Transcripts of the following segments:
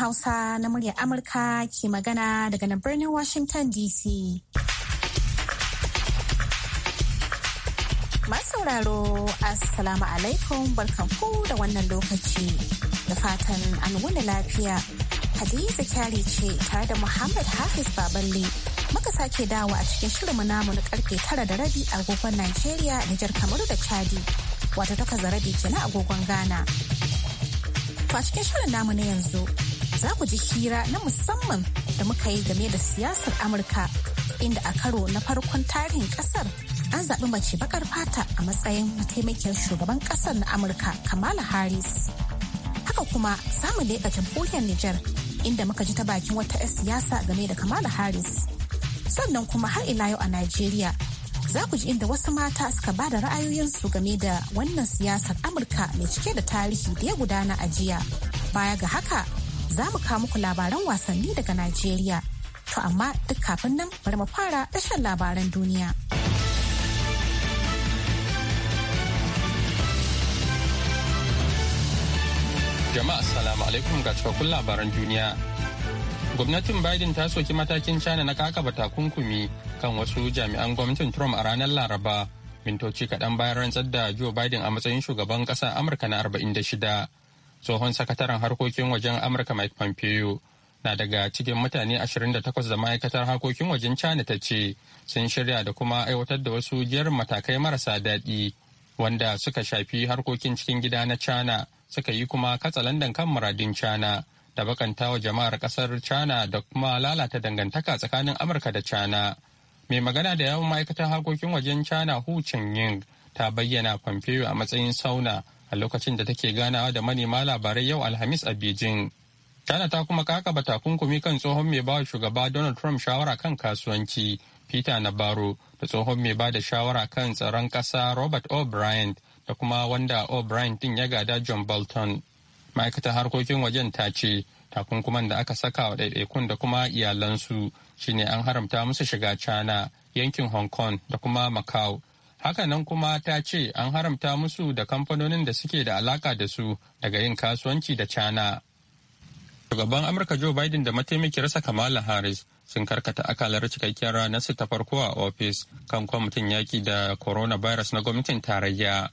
Hausa na muryar Amurka ke magana daga nan birnin Washington DC. sauraro Assalamu alaikum barkanku da wannan lokaci da fatan an wuni lafiya. Hadiza kyari ce tare da Muhammad Hafiz Baballe muka sake dawo a cikin shirinmu namu na karfe tara da rabi agogon Najeriya, jar Kamaru da Chadi Wata takwas da rabi na agogon Ghana. To a cikin shirin namu na yanzu za ku ji hira na musamman da muka yi game da siyasar Amurka inda a karo na farkon tarihin kasar an zaɓi mace bakar fata a matsayin mataimakiyar shugaban kasar na Amurka Kamala Harris. Haka kuma samun leƙa jamhuriyar Nijar inda muka ji ta bakin wata 'yar siyasa game da Kamala Harris. Sannan kuma har ila yau a Najeriya za ku ji inda wasu mata suka ba da ra'ayoyinsu game da wannan siyasar Amurka mai cike da tarihi da ya gudana a jiya. Baya ga haka za mu kawo muku labaran wasanni daga Najeriya. To amma duk kafin nan bari mu fara tashar labaran duniya. Jama'a salamu alaikum ga cikakkun labaran duniya. Gwamnatin Biden ta soki matakin China na kakaba takunkumi kan wasu jami'an gwamnatin Trump a ranar Laraba. Mintoci kaɗan bayan rantsar da Joe Biden a matsayin shugaban ƙasa Amurka na 46. tsohon sakataren harkokin wajen amurka mike pompeo na daga cikin mutane 28 da ma'aikatar harkokin wajen china ta ce sun shirya da kuma aiwatar da wasu jiyar matakai marasa daɗi wanda suka shafi harkokin cikin gida na china suka yi kuma katsalandan kan muradin china da bakanta wa jama'ar kasar china da kuma lalata dangantaka tsakanin amurka da china mai magana da yawan ma'aikatar harkokin wajen china hu ying ta bayyana pompeo a matsayin sauna a lokacin da take ganawa da manema labarai yau alhamis a beijing china ta kuma kakaba takunkumi kan tsohon mai bawa shugaba donald trump shawara kan kasuwanci peter nabaro da tsohon mai ba da shawara kan tsaron kasa robert o'brien da kuma wanda o'brien din ya gada john bolton ma'aikatar harkokin wajen ta ce takunkuman da aka saka wa ɗaiɗaikun da kuma iyalansu shine an haramta musu shiga china yankin hong kong da kuma macau Hakanan kuma ta ce an haramta musu da kamfanonin da suke da alaka da su daga yin kasuwanci da cana. Shugaban Amurka Joe Biden da mataimakiyarsa Kamala Harris sun karkata akalar cikakkiyar su ta farko a ofis kan kwamitin yaƙi da coronavirus na gwamnatin tarayya.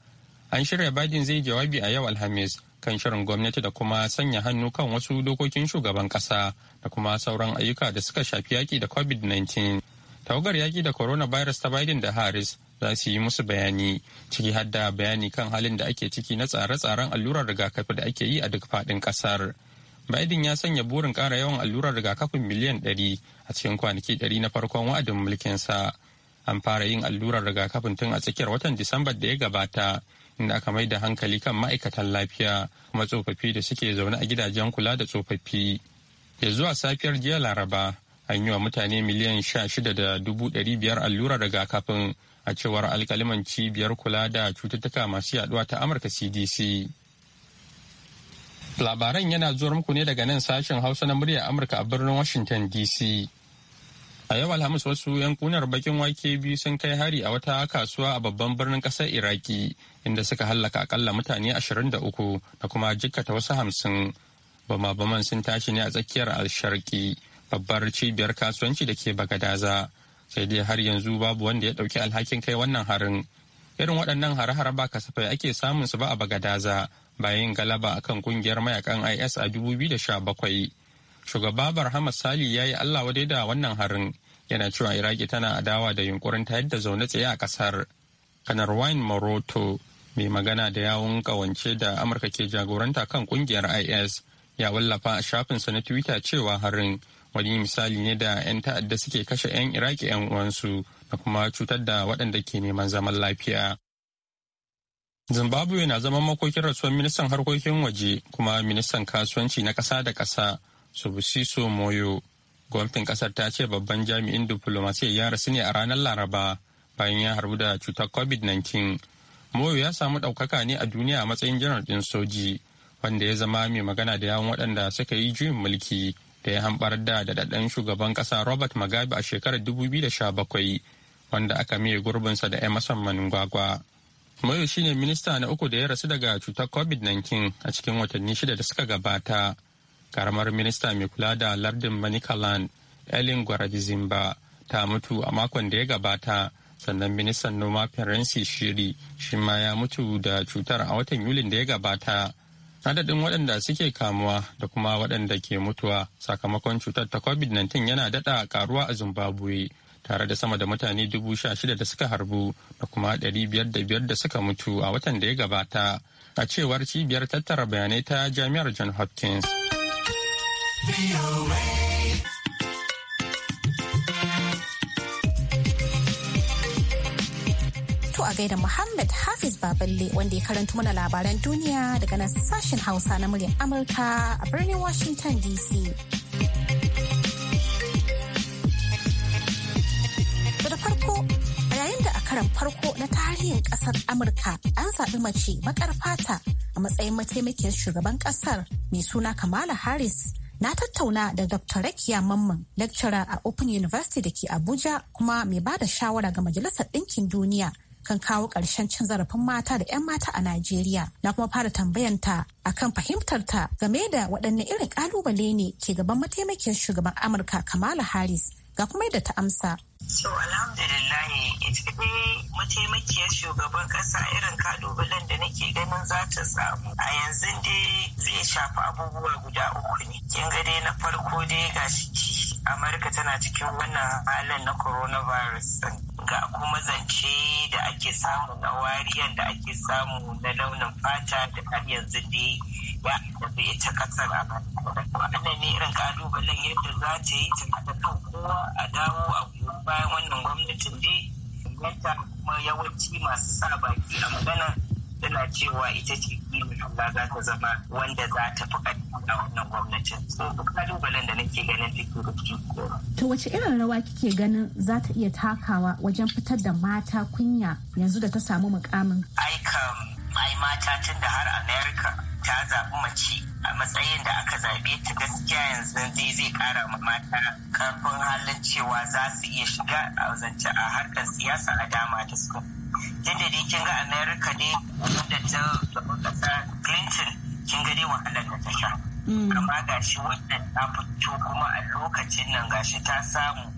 An shirya Biden zai jawabi a yau Alhamis kan shirin gwamnati da kuma sanya hannu kan wasu dokokin shugaban kasa da kuma sauran ayyuka da suka shafi yaki da COVID-19. Tawagar yaƙi da coronavirus ta Biden da Harris za su yi musu bayani ciki har da bayani kan halin da ake ciki na tsare-tsaren allurar rigakafi da ake yi a duk faɗin ƙasar. Biden ya sanya burin ƙara yawan allurar rigakafin miliyan ɗari a cikin kwanaki ɗari na farkon wa'adin mulkinsa. An fara yin allurar rigakafin tun a tsakiyar watan Disamba da ya gabata, inda aka mai da hankali kan ma'aikatan lafiya kuma tsofaffi da suke zaune a gidajen kula da tsofaffi. Ya zuwa safiyar jiya Laraba, an yi wa mutane miliyan sha shida da dubu ɗari biyar allurar rigakafin a cewar alkaliman cibiyar kula da cututtuka masu yaduwa ta amurka cdc labaran yana zuwa muku ne daga nan sashen hausa na murya amurka a birnin washington dc a yau alhamis wasu yankunar bakin wake biyu sun kai hari a wata kasuwa a babban birnin kasar iraki inda suka hallaka akalla mutane 23 da kuma jikkata wasu hamsin bama-baman sun tashi ne a tsakiyar alsharki babbar cibiyar kasuwanci da ke bagadaza sai dai har yanzu babu wanda ya dauki alhakin kai wannan harin irin waɗannan hare-hare ba kasafai ake samun su ba a bagadaza bayan galaba akan kungiyar mayakan is a dubu sha bakwai. shugaba barhama sali ya yi allah wadai da wannan harin yana cewa iraki tana adawa da yunkurin ta yadda zaune tsaye a kasar kanar wine moroto mai magana da yawun kawance da amurka ke jagoranta kan kungiyar is ya wallafa a shafinsa na twitter cewa harin wani misali ne da 'yan ta'adda suke kashe 'yan iraki 'yan uwansu da kuma cutar da waɗanda ke neman zaman lafiya zimbabwe na zaman makokin rasuwar ministan harkokin waje kuma ministan kasuwanci na ƙasa da ƙasa subusiso moyo gwamnatin ƙasar ta ce babban jami'in diflomasiyya ya rasu ne a ranar laraba bayan ya harbu da cutar covid-19 moyo ya samu ɗaukaka ne a duniya a matsayin janar ɗin soji wanda ya zama mai magana da yawon waɗanda suka yi juyin mulki da ya hambar da daɗaɗɗen shugaban ƙasa Robert Mugabe a shekarar 2017 wanda aka miye gurbinsa da Emerson Moyo Mayo shine minista na uku da ya rasu daga cutar COVID-19 a cikin watanni shida da suka gabata. Karamar minista mai kula da lardin Manicaland, Ellen Gwarabizimba, ta mutu a makon da ya gabata. Sannan ministan noma Ferenci Shiri shi ma ya mutu da cutar a watan Yulin da ya gabata. adadin waɗanda suke kamuwa da kuma waɗanda ke mutuwa sakamakon cutar ta covid-19 yana daɗa karuwa a zimbabwe tare da sama da mutane dubu sha shida da suka harbu da kuma ɗari biyar da biyar da suka mutu a watan da ya gabata a cewar cibiyar tattara bayanai ta jami'ar john hopkins gaida Muhammad Hafiz Baballe wanda ya karanta mana labaran duniya daga nan sashen Hausa na muryar Amurka a birnin Washington DC. Da farko a yayin da a karan farko na tarihin kasar Amurka an zaɓi mace bakar fata a matsayin mataimakiyar shugaban kasar mai suna Kamala Harris. na tattauna da Dr. Rakiya Mamman, lecturer a Open University da ke Abuja kuma mai ba da shawara ga Majalisar Ɗinkin Duniya kan kawo ƙarshen cin zarafin mata da 'yan mata a Najeriya. Na kuma fara tambayanta akan ta, game da waɗanne irin ƙalubale ne ke gaban mataimakiyar shugaban Amurka Kamala Harris ga kuma yadda ta amsa. So alhamdulillah ita ne mataimakiyar shugaban kasa irin kalubalen da nake ganin za ta samu a yanzu dai zai shafi abubuwa guda uku ne. Kin ga dai na farko dai ga shi Amurka tana cikin wannan halin na coronavirus din. ga kuma zance da ake samu na wariyar da ake samu na launin fata da har yanzu dai ya tafi ita kasar a wannan ne irin kalubalen yadda za ta yi ta kada kan kowa a dawo a goyon bayan wannan gwamnatin dai yadda kuma yawanci masu sa baki a magana suna cewa ita ce addinin za ta zama wanda za ta fi a wannan gwamnatin so kalubalen da nake ganin take da shi to wace irin rawa kike ganin za ta iya takawa wajen fitar da mata kunya yanzu da ta samu mukamin ai kam ai mata tun da har America ta zaɓi mace a matsayin da aka zaɓe ta gaskiya yanzu zai zai ƙara mata karfin halin cewa za su iya shiga a zance a harkar siyasa a dama da su. Yadda dai kin ga Amerika ne wanda ta zama ƙasa Clinton kin ga dai wahalar da ta sha. Mm. Amma shi wannan ta fito kuma a lokacin nan gashi ta samu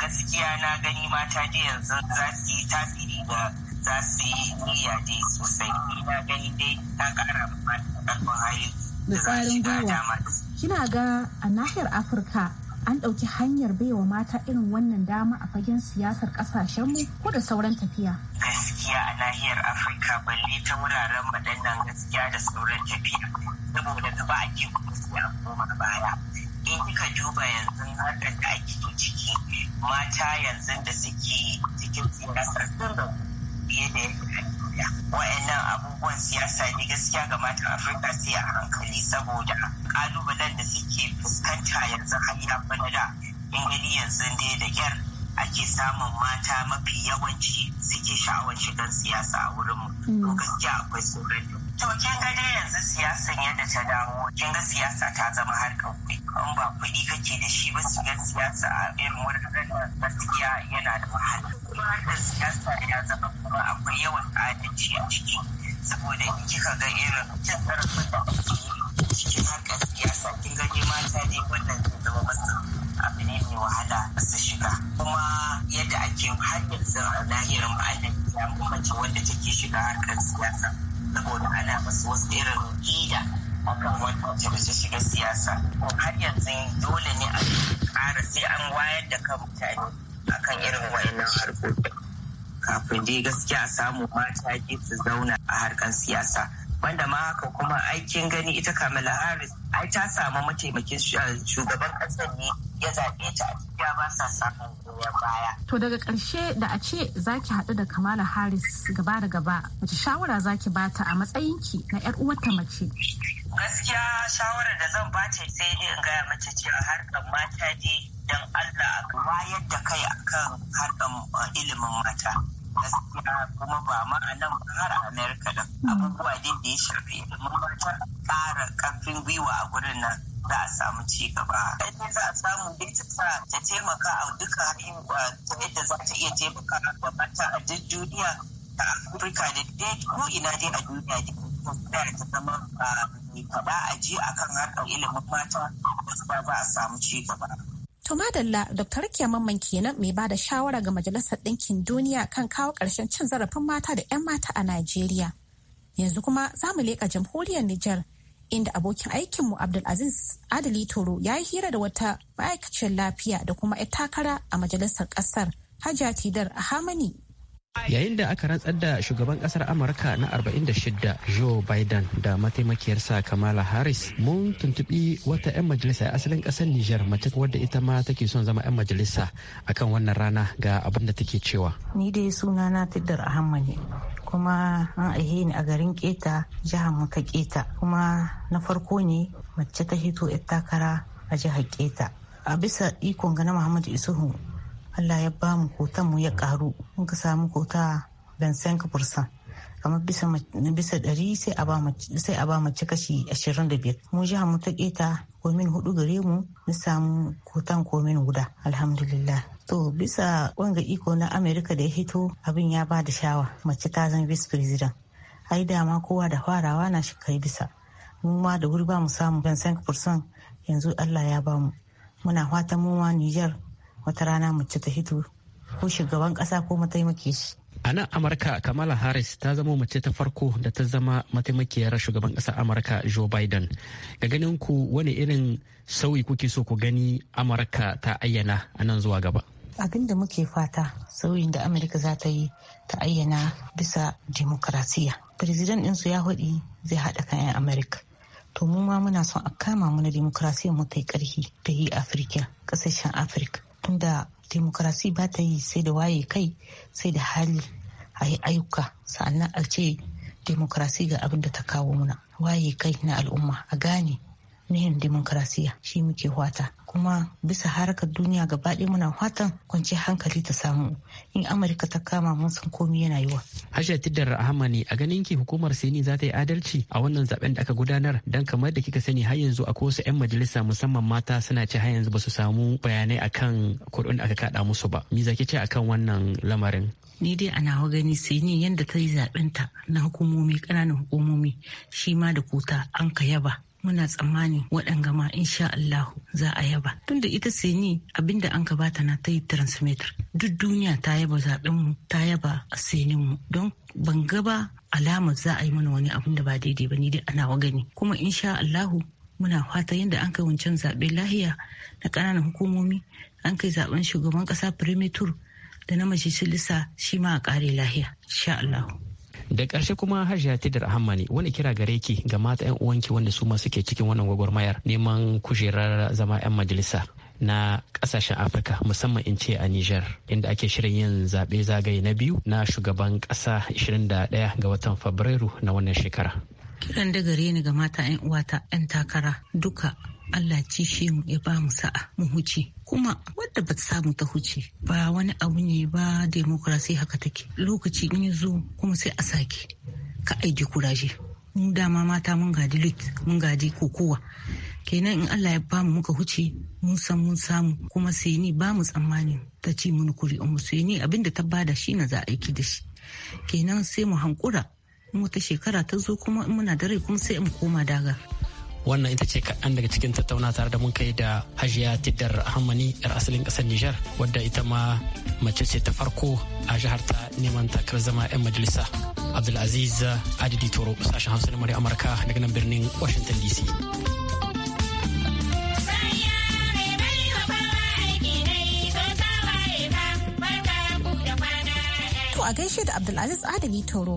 gaskiya na gani mata da yanzu za su yi tasiri da za su yi niyya dai sosai. ina gani dai ta ƙara mata karfin hali. da tsarin gwiwa kina ga a nahiyar afirka an ɗauki hanyar baiwa mata irin wannan dama a fagen siyasar ƙasashenmu ko da sauran tafiya. Gaskiya a nahiyar Afirka balle ta wuraren madannan gaskiya da sauran tafiya saboda ta ba a ke kuma a koma baya. In kika duba yanzu harkar da ake ciki mata yanzu da suke cikin siyasar sun da fiye da yadda Najeriya. Wa'annan abubuwan siyasa ne gaskiya ga matan Afirka sai a hankali saboda kalubalen da suke fuskanta yanzu har ya da in yanzu dai da kyar ake samun mata mafi yawanci suke sha'awar shigar siyasa a wurinmu. To mm. gaskiya akwai da To kin ga dai yanzu siyasan yadda ta dawo kin ga siyasa ta zama harkar kuɗi kan ba kuɗi kake da shi ba su gan siyasa a irin wurin gaskiya yana da wahala kuma harkar siyasa ya zama kuma akwai yawan adalci a ciki saboda kika ga irin cin zarafin da ake yi cikin harkar siyasa kin ga ne mata ne wannan zai zama masu abu ne mai wahala su shiga kuma yadda ake hanyar yanzu a lahirin ma'adin ya mace wanda take shiga harkar siyasa saboda ana masu wasu irin ƙida akan wata mace shiga siyasa ko har yanzu dole ne a ƙara sai an wayar da kan mutane akan irin wayannan harkokin kafin dai gaskiya samu mata su zauna a harkar siyasa wanda ma haka kuma aikin gani ita Kamala Harris ai ta samu mataimakin eh, shugaban kasar ne ya zaɓe ta a ya ba sa samun goyon baya. To daga ƙarshe da a ce za ki haɗu da Kamala Harris gaba da gaba wace shawara za ki bata a matsayinki na 'yar uwarta mace? Gaskiya shawarar da zan bata sai dai in gaya mace cewa harkar mata dai don Allah a wayar da kai akan harkar eh, ilimin mata. gaskiya kuma ba ma a nan ba har amerika da hmm. abubuwa din da ya shafi ilimin mata ƙara ƙarfin gwiwa a gurin nan za a samu ci gaba yadda za a samu dai ta sa ta taimaka a duka ta yadda za ta iya taimaka a mata a duk duniya a afirka da dai ko ina dai a duniya da ta zama Ba a ji akan harkar ilimin mata ba za a samu ci gaba To madalla Dr. Rakiya Mamman kenan mai bada shawara ga Majalisar Ɗinkin Duniya kan kawo ƙarshen cin zarafin mata da 'yan mata a Najeriya. Yanzu kuma za mu leƙa jamhuriyar Nijar inda abokin aikinmu Abdulaziz Adali Toro ya yi hira da wata ma'aikaciyar lafiya da kuma yan takara a majalisar ƙasar hajja Tidar a Hamani yayin da aka rantsar da shugaban kasar amurka na 46 joe biden da mataimakiyarsa kamala harris mun tuntubi wata 'yan majalisa a asalin kasar niger mace wadda ita ma take son zama 'yan majalisa akan wannan rana ga abin da take cewa ni dai suna na tiddar ahamma ne kuma an aihe ni a garin keta jihar maka keta kuma na farko ne mace ta hito 'yar takara a jihar keta a bisa ikon gana muhammadu isuhu Allah ya bamu kotan mu ya karu muka samu kota ban san kamar bisa bisa ɗari sai a ba sai a ba mace kashi ashirin da biyar mu jiha mu ta keta komin hudu gare mu na samu kotan komin guda alhamdulillah to bisa wanga iko na america da ya hito abin ya ba da shawa mace ta zama vice president ai dama kowa da farawa na shi kai bisa mu ma da wuri ba mu samu ban san yanzu allah ya ba mu muna fatan mu ma niger wata rana mu ta hito ko shugaban kasa ko mataimaki shi a nan amurka kamala harris ta zama mace ta farko da ta zama mataimakiyar shugaban ƙasar amurka joe biden ga ganin ku wani irin sauyi kuke so ku gani amurka ta ayyana a nan zuwa gaba abin da muke fata sauyin da amurka za ta yi ta ayyana bisa demokrasiya firizidan ɗinsu ya haɗi zai haɗa kayan amurka to mu ma muna son a kama mu na demokrasiya mu ta yi ƙarfi ta yi afirka ƙasashen afirka inda demokrasi ba ta yi sai da waye kai sai da hali a yi ayyuka sa'annan a ce demokrasi ga abin da ta kawo muna waye kai na al'umma a gane na yin demokarasiya shi muke wata kuma bisa harkar duniya gaba ɗaya muna watan kwanci hankali ta samu in amurka ta kama mun san komi yana yiwa hajja tiddar ne a ganin ki hukumar sini za ta yi adalci a wannan zaben da aka gudanar dan kamar da kika sani har yanzu a wasu 'yan majalisa musamman mata suna ce har yanzu ba su samu bayanai akan kuɗin da aka kada musu ba me zaki ce akan wannan lamarin ni dai ana nawa gani sai ni yadda ta yi zaben ta na hukumomi kananan hukumomi shi ma da kuta an ka yaba muna tsammani waɗanga ma insha Allah za a yaba tunda ita seni abinda an gabata na ta yi transmitter duk duniya ta yaba zaɓenmu ta yaba a mu don ban gaba alama za a yi mana wani abin da ba daidai ba ni dai ana gani kuma insha Allah muna fata yadda an kai wancan zaɓe lahiya na ƙananan hukumomi an kai zaɓen shugaban ƙasa premature da na majalisar shi ma a ƙare lahiya insha da ƙarshe kuma hajiya tidar ne wani kira gare ki ga mata 'yan uwanki wanda su ma suke cikin wannan gwagwarmayar neman kujerar zama 'yan majalisa na ƙasashen afirka musamman in ce a niger inda ake shirin yin zaɓe zagaye na biyu na shugaban ƙasa 21 ga watan fabrairu na wannan shekara kiran da gare ni ga mata 'yan uwata 'yan takara duka Allah ci shi mu ya ba mu sa'a mu huce kuma wadda ba samu ta huce ba wani abu ne ba demokrasi haka take lokaci in zo kuma sai a sake ka aiki kuraje mu dama mata mun gadi lit mun gadi kokowa kenan in Allah ya bamu muka huce mun san mun samu kuma sai ni ba mu tsammani ta ci mun kuri'un mu sai ni abinda ta bada shi na za aiki da shi kenan sai mu hankura in wata shekara ta zo kuma in muna da rai kuma sai in koma daga wannan ita ce kaɗan daga cikin tattauna tare da mun kai da hajiya tiddar hamani yar asalin ƙasar nijar wadda ita ma mace ce ta farko a jihar ta neman takar zama 'yan majalisa abdulaziz adidi toro sashen hausa na amurka daga nan birnin washington dc a gaishe da Abdulaziz Adali Toro.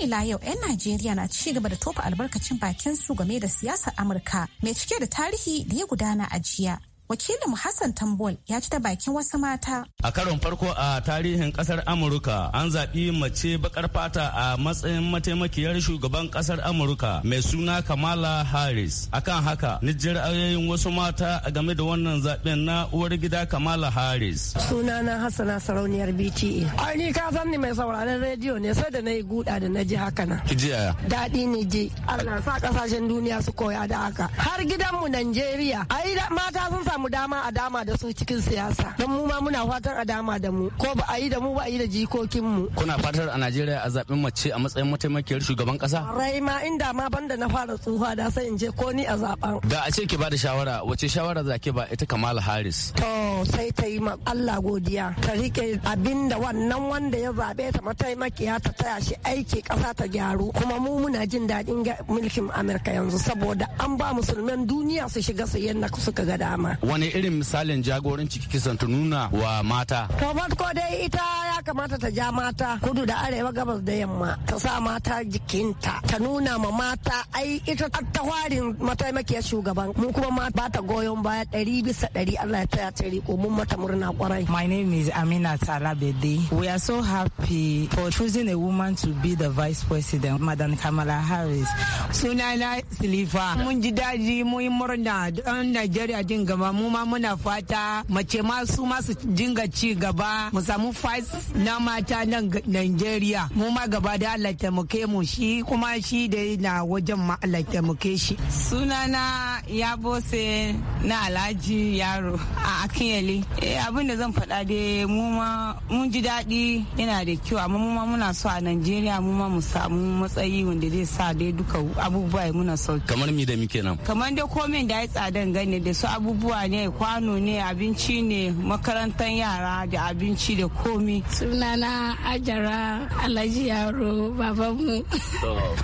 ila yau 'yan Najeriya na ci gaba da tofa albarkacin bakin su game da siyasar Amurka mai cike da tarihi da ya gudana a jiya wakilin Hassan Tambol ya ci ta bakin wasu mata. A karon farko a tarihin kasar Amurka an zaɓi mace bakar fata a matsayin mataimakiyar shugaban kasar Amurka mai suna Kamala Harris. Akan haka, nijar ra'ayoyin wasu mata game da wannan zaɓen na uwar gida Kamala Harris. Sunana Hassana sarauniyar BTA. Ai ni ka san ni mai sauraron rediyo ne sai da na yi guda da na ji haka na. Ki ji Daɗi ni ji. Allah sa kasashen duniya su koya da haka. Har gidanmu Najeriya. Ai mata sun samu dama a dama da su cikin siyasa don mu ma muna fatan a dama da mu ko ba a yi da mu ba a yi da jikokin mu kuna fatar a Najeriya a zaɓin mace a matsayin mataimakiyar shugaban kasa rai ma inda ma banda na fara tsufa da sai in je ko ni a zaɓan da a ce ki ba da shawara wace shawara za ki ba ita Kamala Harris to sai ta yi ma Allah godiya ta rike abin da wannan wanda ya zaɓe ta mataimakiya ta taya shi aiki ƙasa ta gyaru kuma mu muna jin daɗin mulkin Amurka yanzu saboda an ba musulman duniya su shiga su yadda suka ga dama wani irin misalin jagoranci kike ta nuna wa mata to farko dai ita ya kamata ta ja mata kudu da arewa gabas da yamma ta sa mata jikinta ta nuna ma mata ai ita ta hwarin mataimakiyar shugaban mu kuma ba ta goyon baya ɗari bisa ɗari Allah ya taya ta riko mun mata murna kwarai my name is Amina Talabede we are so happy for choosing a woman to be the vice president madam Kamala Harris sunana Silifa mun ji daji mun yi murna don Najeriya jin gaba mu ma muna fata mace ma su masu dinga ci gaba mu samu fight na mata nan Nigeria mu ma gaba da Allah taimake mu shi kuma shi da na wajen ma Allah taimake shi sunana ya bose na Alhaji Yaro a Akinyele eh abin da zan faɗa dai mu ma mun ji daɗi yana da kyau amma mu ma muna so a Nigeria mu ma mu samu matsayi wanda zai sa dai duka abubuwa muna sauki kamar mi da muke nan kamar dai komai da ya tsadan gane da su abubuwa ne kwano ne abinci ne makarantar yara da abinci da komi sunana ajara alhaji yaro babanmu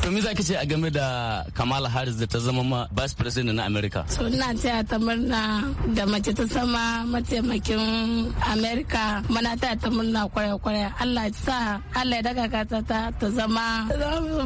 to me zaki ce a game da kamala harris da ta zama ma vice president na america suna taya ta murna da mace ta sama mataimakin america mana ta ta murna kwarai kwarai allah ya sa allah ya daga kata ta ta zama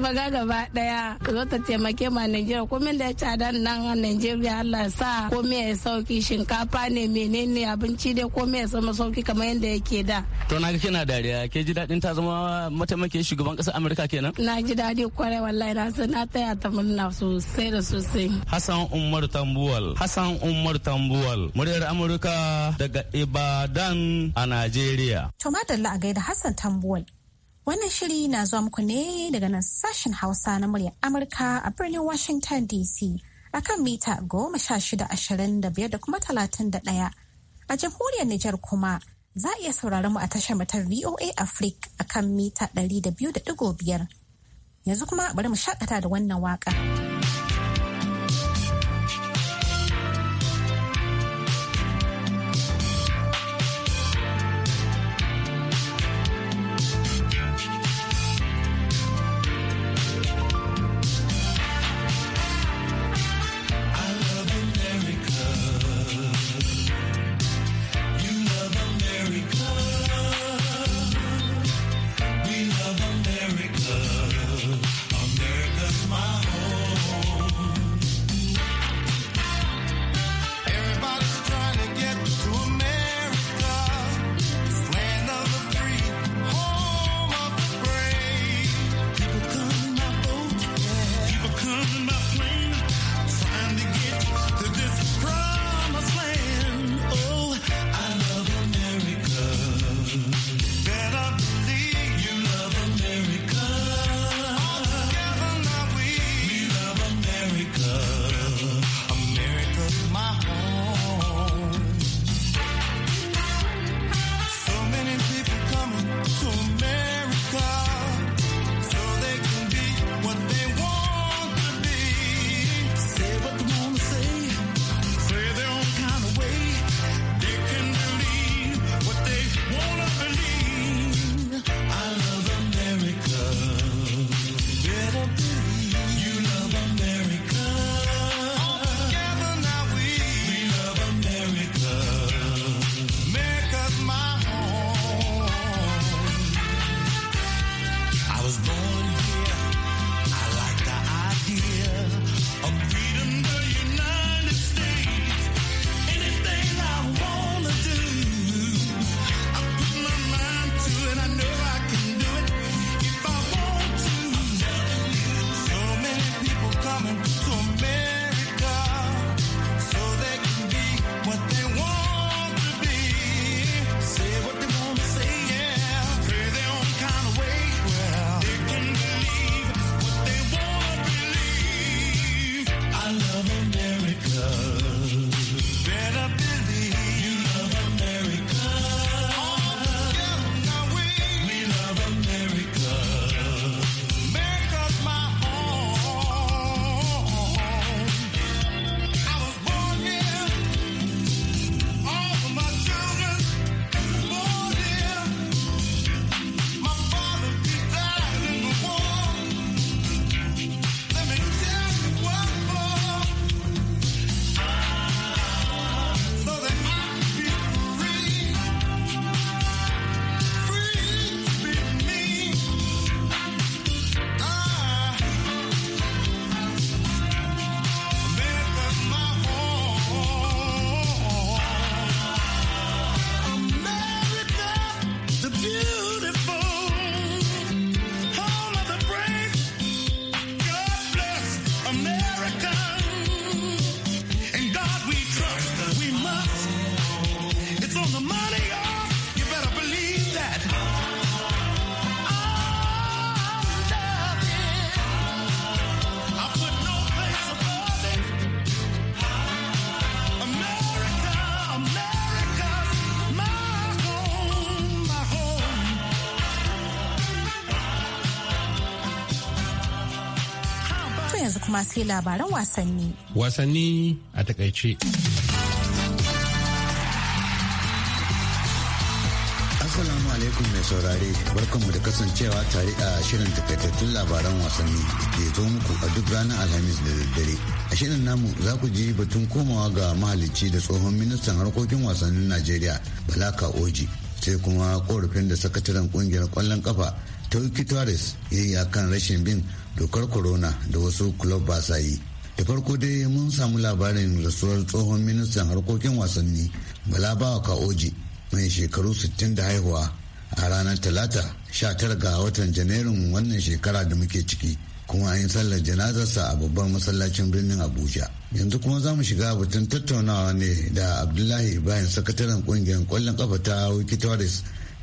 baga gaba daya zo ta taimake ma nigeria komin da ya a nan a nigeria allah ya sa komai ya sauki shinkafa ne menene abinci dai ko ya zama sauki kamar yadda yake da to na ga kina dariya ke ji daɗin ta zama mataimakin shugaban ƙasar amurka kenan na ji daɗi kwarai wallahi na san na taya ta murna sosai da sosai hassan umar tambuwal hassan umar tambuwal muryar amurka daga ibadan a najeriya to madalla a gaida hassan tambuwal Wannan shiri na zuwa muku ne daga nan sashen Hausa na muryar Amurka a birnin Washington DC. a kan mita goma sha shida ashirin da biyar da kuma talatin da ɗaya. A jamhuriyar Nijar kuma za a iya saurari mu a tashar mu ta VOA Africa a kan mita ɗari da biyu da ɗigo biyar. Yanzu kuma bari mu shakata da wannan waka. Masu sai labaran wasanni. Wasanni a takaice. Assalamu alaikum mai saurare barkanmu da kasancewa tare a shirin takaitattun labaran wasanni da zo muku a duk ranar Alhamis da daddare. A shirin namu za ku ji batun komawa ga mahalicci da tsohon ministan harkokin wasannin Najeriya balaka Oji sai kuma korafin da sakataren kungiyar kwallon kafa Tauki Torres ya yi kan rashin bin dokar corona da wasu club ba sa yi da farko dai mun samu labarin rasuwar tsohon ministan harkokin wasanni bala bawa kaoji mai shekaru 60 da haihuwa a ranar talata 19 ga watan janairun wannan shekara da muke ciki kuma an yi sallar janazarsa a babban masallacin birnin abuja yanzu kuma za mu shiga batun tattaunawa ne da abdullahi ibrahim sakataren kungiyar kwallon kafa ta wikitoris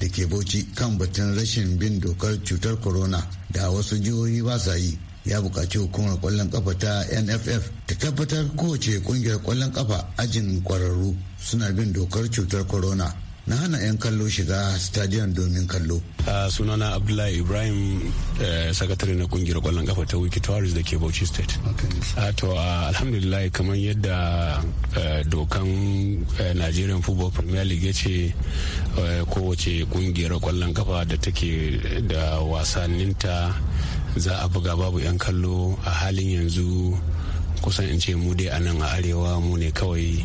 da ke bauchi kan batun rashin bin dokar cutar corona da wasu jihohi ba sa yi ya bukaci hukumar ƙwallon ƙafa ta nff ta tabbatar kowace ƙungiyar kwallon ƙafa ajin ƙwararru suna bin dokar cutar corona na hana 'yan kallo shiga stadion domin kallo. a sunana abdullahi ibrahim eh, sakatare na kungiyar kwallon kafa ta wiki tourist da ke bauchi state to alhamdulillah kamar yadda eh, dokan eh, nigerian football premier league ya ce kowace kungiyar kwallon kafa da take da wasanninta za a buga babu 'yan kallo a halin yanzu kusan in ce mu dai a nan a arewa mu ne kawai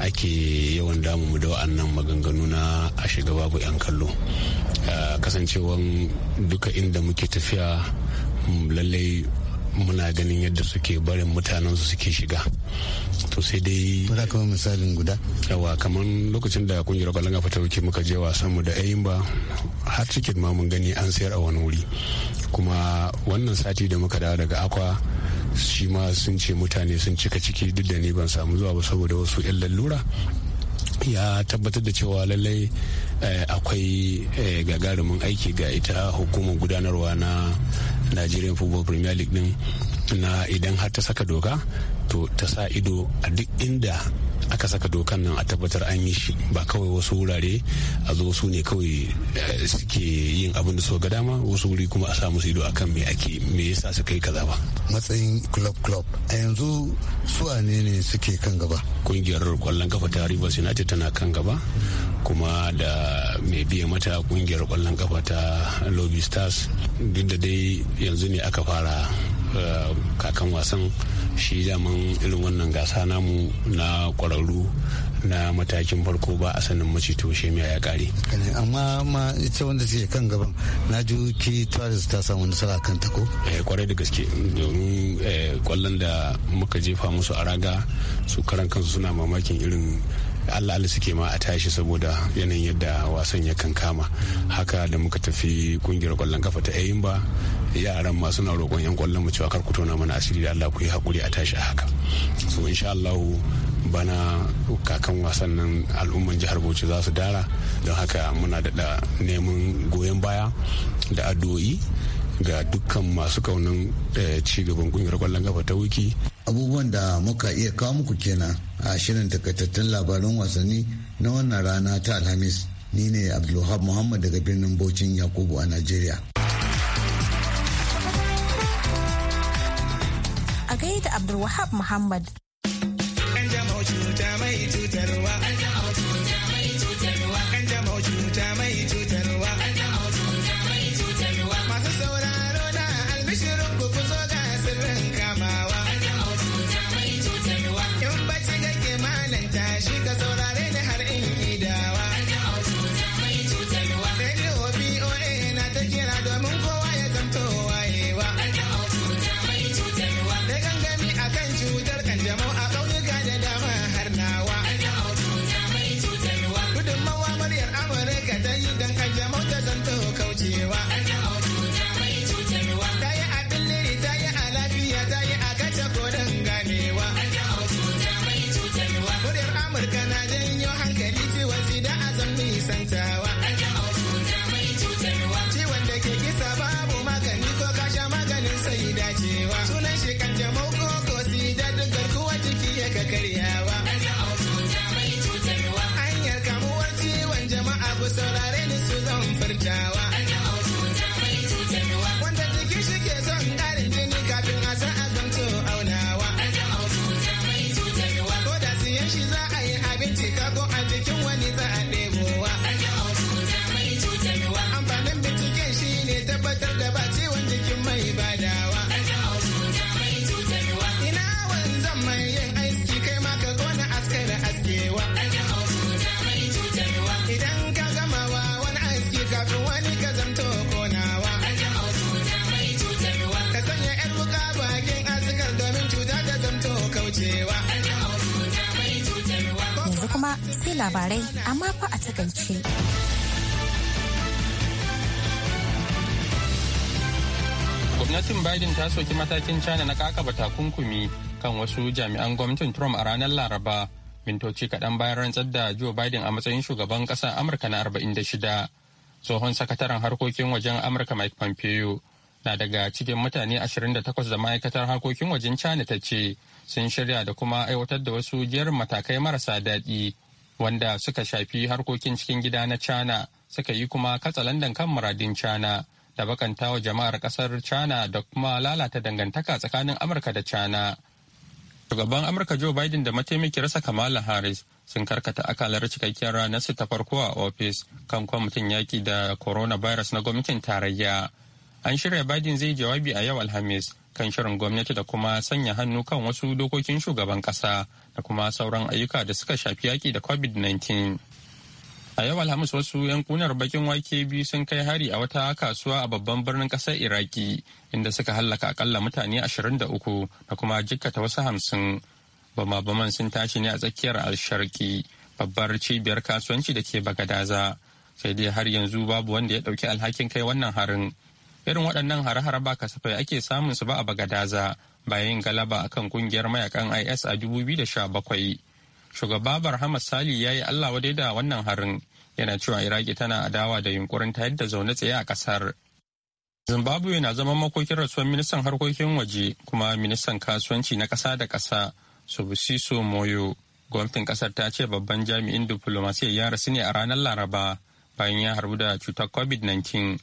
ake yawan damu da wa'annan maganganu na a shiga babu 'yan kallo kasancewan duka inda muke tafiya mm, lallai muna ganin yadda suke barin mutanen su suke shiga to sai dai kuna kamar misalin guda yawa kamar lokacin da kungiyar kwallon kafa ta wuce muka je wasan mu da ayin ba har cikin ma mun gani an sayar a wani wuri kuma wannan sati da muka dawo daga akwa shi ma sun ce mutane sun cika ciki duk da ni ban samu zuwa ba saboda wasu 'yan lallura ya tabbatar da cewa lallai eh, akwai eh, gagarumin aiki ga ita hukumar gudanarwa na nigerian football premier league din na idan har ta saka doka to ta sa ido a duk inda aka saka dokan nan a tabbatar an yi shi ba kawai wasu wurare a zo su ne kawai eh, suke yin abin da suka ga dama wasu wuri kuma a samu ido akan me ake me yasa suka yi kaza ba matsayin club club a yanzu su ne ne suke kan gaba kungiyar kwallon kafa ta Rivers United tana kan gaba kuma da mai biya mata kungiyar kwallon kafa ta Lobby Stars duk da dai yanzu ne aka fara eh, kakan wasan shi daman irin wannan gasa namu na kwararru na matakin farko ba a sanin mace to shi ya kare amma ma ita wanda take kan gaban na ji ki tuwaris ta samu nasara kan ta ko eh, kwarai da gaske domin eh, kwallon da muka jefa musu a raga su karan kansu suna mamakin irin allah allah suke ma a tashi saboda yanayin yadda wasan ya kan kama haka da muka tafi kungiyar kwallon kafa ta ayin ba yaran ma suna roƙon yan kwallon mu cewa kar ku tona mana asiri da allah ku yi hakuri a tashi a haka so insha allah bana kakan wasan nan al'umman jihar bauchi za su dara don haka muna daɗa neman goyon baya da addu'o'i ga dukkan masu kaunan eh, ci gaban kungiyar kwallon kafa ta wiki abubuwan da muka iya kawo muku kenan a shirin takaitattun labaran wasanni na wannan rana ta alhamis ni ne abdulwahab muhammad daga birnin bocin yakubu a nigeria a gaida abdulwahab muhammad farjawa sai labarai amma fa a takaice. Gwamnatin Biden ta soki matakin China na kakaba takunkumi kan wasu jami'an gwamnatin Trump a ranar Laraba. Mintoci kaɗan bayan rantsar da Joe Biden a matsayin shugaban ƙasa Amurka na 46. Tsohon sakataren harkokin wajen Amurka Mike Pompeo na daga cikin mutane 28 da ma'aikatar harkokin wajen China ta ce sun shirya da kuma aiwatar da wasu jerin matakai marasa daɗi wanda suka shafi harkokin cikin gida na China suka yi kuma katsalandan kan muradin China da wa jama'ar kasar China da kuma lalata dangantaka tsakanin Amurka da China. Shugaban Amurka Joe Biden da mataimakiyarsa Kamala Harris sun karkata akalar cikakkiyar ranarsu ta farko a ofis kan kwamitin yaki da coronavirus na gwamnatin tarayya. An shirya Biden zai jawabi a yau Alhamis kan shirin gwamnati da kuma sanya hannu kan wasu dokokin shugaban kasa da kuma sauran ayyuka da suka shafi yaƙi da covid-19 a yau alhamis wasu yan kunar bakin wake biyu sun kai hari a wata kasuwa a babban birnin ƙasar iraki inda suka hallaka akalla mutane ashirin da uku da kuma jikkata wasu hamsin bama-baman sun tashi ne a tsakiyar alsharki babbar cibiyar kasuwanci da ke bagadaza sai dai har yanzu babu wanda ya ɗauki alhakin kai wannan harin irin waɗannan har hare ba kasafai ake samun su ba a bagadaza bayan galaba akan kungiyar mayakan is a da sha bakwai. shugaba barhama sali ya yi allah wadai da wannan harin yana cewa iraki tana adawa da yunkurin ta yadda zaune tsaye a kasar zimbabwe na zama makokin rasuwar ministan harkokin waje kuma ministan kasuwanci na kasa da kasa subusiso moyo gwamnatin kasar ta ce babban jami'in diflomasiyya ya rasu ne a ranar laraba bayan ya harbu da cutar covid-19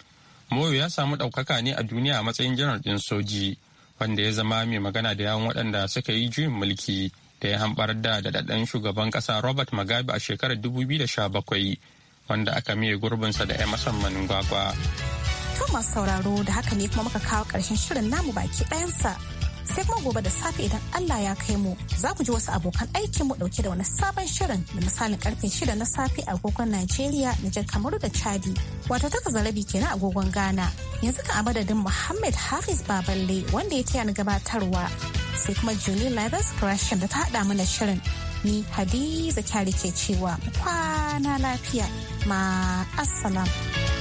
Moyo ya samu ɗaukaka ne a duniya a matsayin janar ɗin soji wanda ya zama mai magana da yawan waɗanda suka yi juyin mulki da ya hambar da daɗaɗɗen shugaban ƙasa Robert Mugabe a shekarar 2017 wanda aka miye gurbinsa da 'ya masammanin gwagwa. sauraro da haka ne kuma muka kawo ƙarshen shirin namu baki ɗayansa sai kuma gobe da safe idan Allah ya kai mu za ku ji wasu abokan aikin mu dauke da wani sabon shirin da misalin karfe 6 na safe a agogon Najeriya, Nijar, Kamaru da Chadi. Wato taka zarabi kenan agogon Ghana. Yanzu kan a Muhammad Hafiz Baballe wanda ya taya ni gabatarwa. Sai kuma Julie Lives Gresham da ta hada mana shirin. Ni Hadiza Kyari ke cewa kwana lafiya. Ma